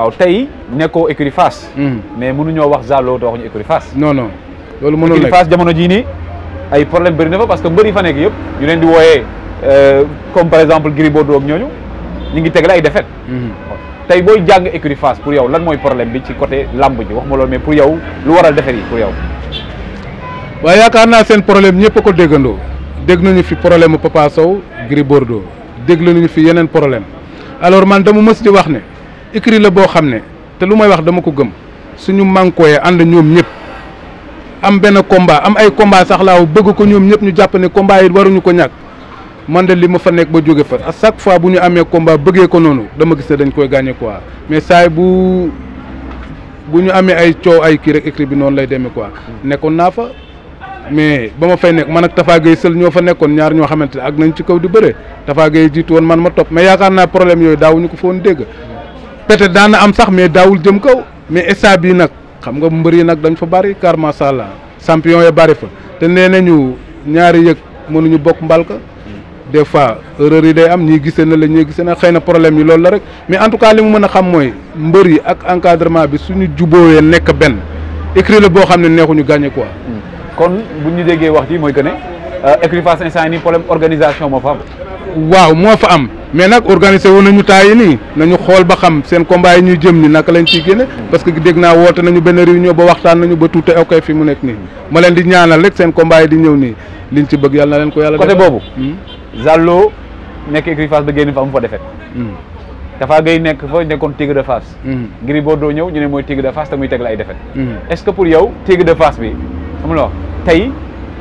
waaw tey nekkoo écurie Fass. Hmm. mais mënuñoo wax Zalo do waxuñu écurie Fass. non non loolu mënul nekk écurie Fass jamono jii nii ay problème bëri na fa parce que mbëri fa nekk yëpp ñu leen di wooyee euh, comme par exemple Gris Bordeaux ak ñooñu ñu ngi tegle ay défaite. Hmm. tay boy jang écurie Fass pour yow lan mooy problème bi ci côté làmb ji wax ma loolu mais pour yow lu waral défaite yi pour yow. waaye yaakaar na seen problème ñëpp a ko déggandoo dégg nañu fi problème mu Papa Sow Gris Bordeaux dégg nañu fi yeneen problème alors man dama mës di wax ne. écrit la boo xam ne te lu may wax dama ko gëm suñu mànkooyee ànd ñoom ñëpp am benn combat am ay combat sax laaw bëgg ko ñoom ñëpp ñu jàpp ne combat yi waruñu ko ñàkk man de li ma fa nekk ba jóge fa à chaque fois bu ñu amee combat bëggee ko noonu dama gis ne dañ koy gagné quoi mais saay bu bu ñu amee ay coow ay kii rek écrit bi noonu lay demee quoi nekkoon naa fa mais ba ma fay nekk man ak Tafa sël ñoo fa nekkoon ñaar ñoo xamante ne ak nañ ci kaw di bëre Tafa Gueye woon man ma topp mais yaakaar naa problème yooyu daawuñu ko foon dégg peut-être daan na am sax mais daawul jëm kaw mais état bii nag xam nga mbër yi nag dañu fa bari car macha allah champion ya bari fa te nee ñu ñaari yëg mënuñu bokk mbalka des fois erreur yi day am ñii gisee na la ñii gisee na xëy na problème yi loolu la rek mais en cas li mu mën a xam mooy mbër yi ak encadrement bi suñu jubóowee nekk benn écrit boo xam ne neexuñu gagné quoi. Hmm. kon bu ñu déggee wax ji mooy que ne euh, écrit face instant nii problème organisation moo waaw moo fa am mais nag organisé woon nañu temps yi nii nañu xool ba xam seen combat yi ñuy jëm ni naka lañ ciy génne parce que dégg naa woote nañu benn réunion ba waxtaan nañu ba tuute ok fi mu nekk nii ma leen di ñaanal rek seen combat yi di ñëw nii liñ ci bëgg yàlla leen ko yàlla côté boobu Zallo nekk écurie Fass ba génn fa am fa defet hmm. Tapha Gueye nekk fa nekkoon Tigre de Fass hmm. Gris Bordeaux ñëw ñu ne mooy Tigre de teg ay defet hmm. est que pour yow Tigre de Fass bi xam nga tey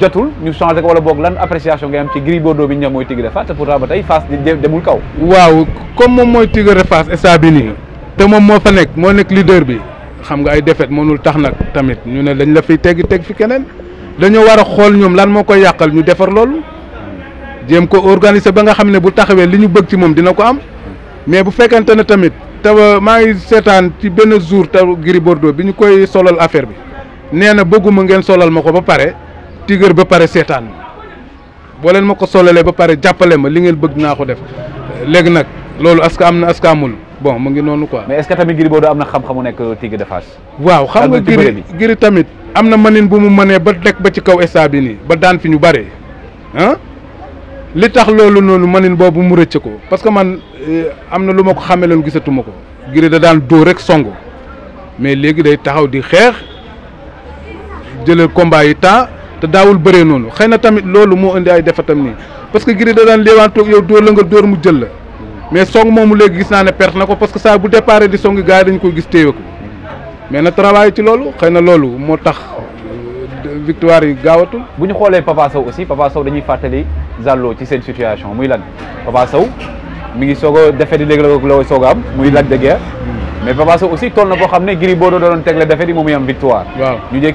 jotul ñu changé ko wala boog lan appréciation ngay am ci Gris Bordeaux bi ñu mooy Tigre Fass te pourtant ba tey Fass demul kaw. waaw comme moom mooy Tigre Fass instant bi nii te moom moo fa nekk moo nekk leader bi xam nga ay défaite mënul tax nag tamit ñu ne dañ la fiy teggi teg fi keneen dañoo war a xool ñoom lan moo koy yàqal ñu defar loolu jéem ko organiser ba nga xam ne bu taxawee li ñu bëgg ci moom dina ko am mais bu fekkente ne tamit te maa ngi ci benn jour te Gris Bordeaux bi ñu koy solal affaire bi nee na bëgguma ngeen solal ma ko ba pare. tigër ba pare seetaan boo leen ma ko solalee ba pare jàppale ma li ngeen bëgg naa ko def léegi nag loolu aska am na aska amul bon mu ngi noonu quoi. mais est-ce que tamit am na xam-xamu nekk Tigre de Fass. waaw xam nga Gris Gris tamit am na manin bu mu mënee ba nekk ba ci kaw stade bi nii ba daan fi ñu bare ah li tax loolu noonu manin boobu mu rëcc ko parce que man eh, am na lu ma ko xamee leen gisatuma ko Gris da daan dóor rek songu mais léegi day taxaw di xeex jëlal combat yi temps te daawul bëree noonu xëy na tamit loolu moo indi ay defatam nii parce que Gris da daan léewaantoog yow dóor la nga dóor mu jël la mais song moomu léegi gis naa ne perte na ko parce que saa bu départ di song gars yi dañu koy gis téye ko mais na travail ci loolu xëy na loolu moo tax victoire yi gaawatul. bu ñu xoolee Papa Sow aussi Papa Sow dañuy fàttali Zallo ci seen situation muy lan Papa Sow mi ngi soog a defee di léegi la la soog a am muy Lac de Guiers mm. mais xam ne Gris Bordeaux doon tegle defet yi moom muy am victoire. waaw ñu jéeg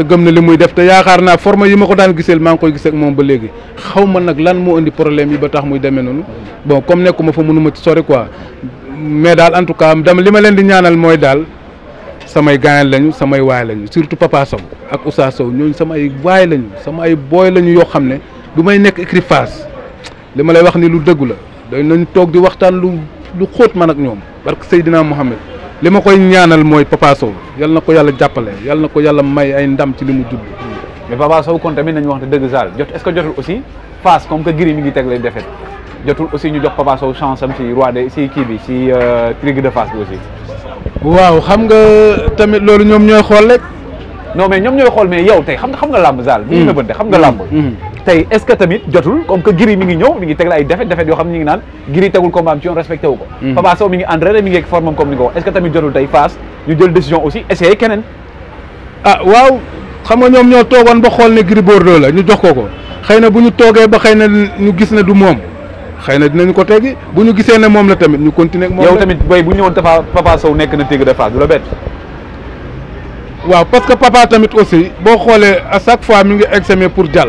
te gëm na li muy def te yaakaar naa forme yi ma ko daan giseel maa ngi koy gisee moom ba léegi xaw ma nag lan moo indi problème yi ba tax muy demee noonu bon comme nekkuma fa mënuma ci sori ko mais daal en tout cas dama li ma leen di ñaanal mooy daal samay gaañal lañu samay waay lañu surtout Papa Sow ak Oussa Sow ñooñu samay waay lañu sama ay booy lañu yoo xam ne du may nekk écrit face li ma lay wax ni lu dëggu la dañ nañ toog di waxtaan lu lu xóot ma ak ñoom barke Seydina Mohamed li ma koy ñaanal mooy Papa Sow yal na ko yàlla jàppale yal na ko yàlla may ay ndam ci li mu judd. mais Papa Sow kon tamit wax dëgg saal jot est-ce que jotul aussi face comme que Gris mi ngi teg lay defet jotul aussi ñu jox Papa Sow bi si euh, Tigre de Fass bi xam nga tamit loolu ñoom ñooy xool rek. non mais ñoom ñooy xool mais yow tey xam nga xam nga làmb saal. Mm. bu xam nga làmb. Mm. tey est-ce que tamit jotul comme que Gris mi ngi ñëw mi ngi teg la ay défaite défaite yoo xam ne ñu ngi naan Gris tegul combat am ci yoon respecté wu ko mm-hmm. Papa Sow mi ngi entraîné mi ngi ak formam tamit aussi ah, waaw xam nga ñoom ñoo toogoon ba xool ne Gris Bordeaux la ñu jox ko ko xëy na bu ñu toogee ba xëy na ñu gis ne du moom xëy na dinañ ko bu ñu gisee ne moom la tamit ñu continuer ak tamit boy bu ñëwoon Papa Papa Sow nekk na Tigre de Fass du parce que papa tamit aussi boo xoolee a chaque fois mi ngi examen pour jàll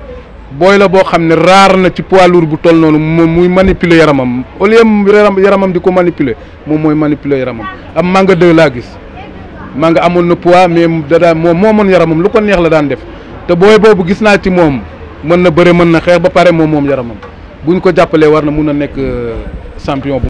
booy la boo xam ne raar na ci pois lourd bu toll noonu moom muy manipuler yaramam au lieu yaramam di ko manipuler moom mooy manipuler yaramam am Manga 2 laa gis Manga amoon na poids mais da moom moom moomoon yaramam lu ko neex la daan def te booy boobu gis naa ci moom mën na bëre mën na xeex ba pare moom moom yaramam buñ ko jàppalee war na mun a nekk euh, champion bu